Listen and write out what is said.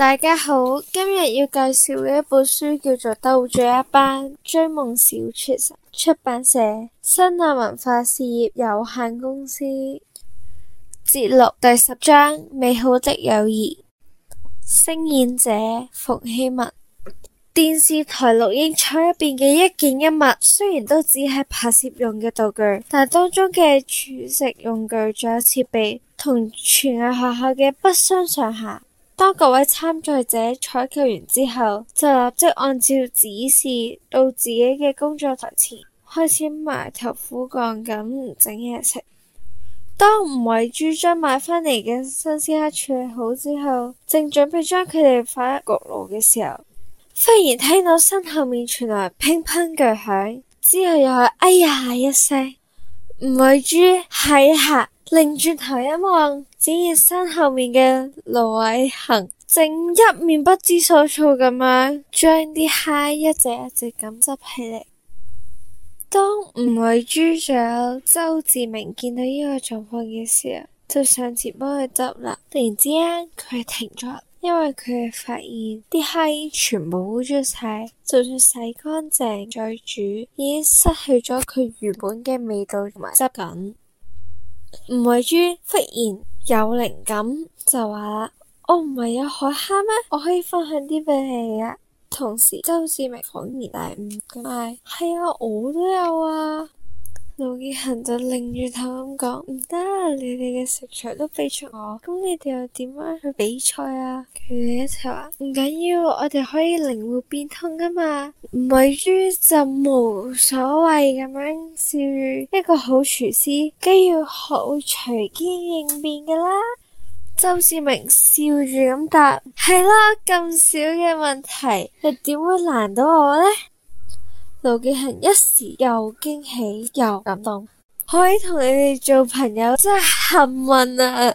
大家好，今日要介紹嘅一本書叫做《鬥嘴一班追夢小廚神》，出版社：新雅文化事業有限公司。節錄第十章《美好的友誼》。聲演者：馮晞汶。電視台錄音廠入邊嘅一件一物，雖然都只係拍攝用嘅道具，但當中嘅煮食用具仲有設備，同全藝學校嘅不相上下。當各位參賽者採購完之後，就立即按照指示到自己嘅工作台前，開始埋頭苦幹咁整嘢食。當吳偉珠將買返嚟嘅新鮮蝦處理好之後，正準備將佢哋放入焗爐嘅時候，忽然聽到身後面傳來乒乓巨響，之後又係哎呀一聲。吳偉珠喺客。擰轉頭一望，只見身後面嘅盧偉恒正一面不知所措咁樣，將啲蝦一隻一隻咁執起嚟。當吳偉珠長周志明見到呢個狀況嘅時候，就上前幫佢執啦。突然之間，佢停咗，因為佢發現啲蝦全部污糟晒，就算洗乾淨再煮，已經失去咗佢原本嘅味道同埋質感。吳慧珠忽然有靈感就話啦：我唔係有海蝦咩？我可以分享啲畀你啊。同時周志明恍然大悟咁，係啊，我都有啊。盧建恒就擰住頭咁講：唔得，你哋嘅食材都畀出我，咁你哋又點樣去比賽啊？佢哋一齊話：唔緊要，我哋可以靈活變通噶嘛。吳慧珠就冇所謂咁樣笑住，一個好廚師，梗要學會隨機應變噶啦。周志明笑住咁答：係 啦，咁少嘅問題，你點會難到我呢？」劉建恆一時又驚喜又感動，可以同你哋做朋友真係幸運啊！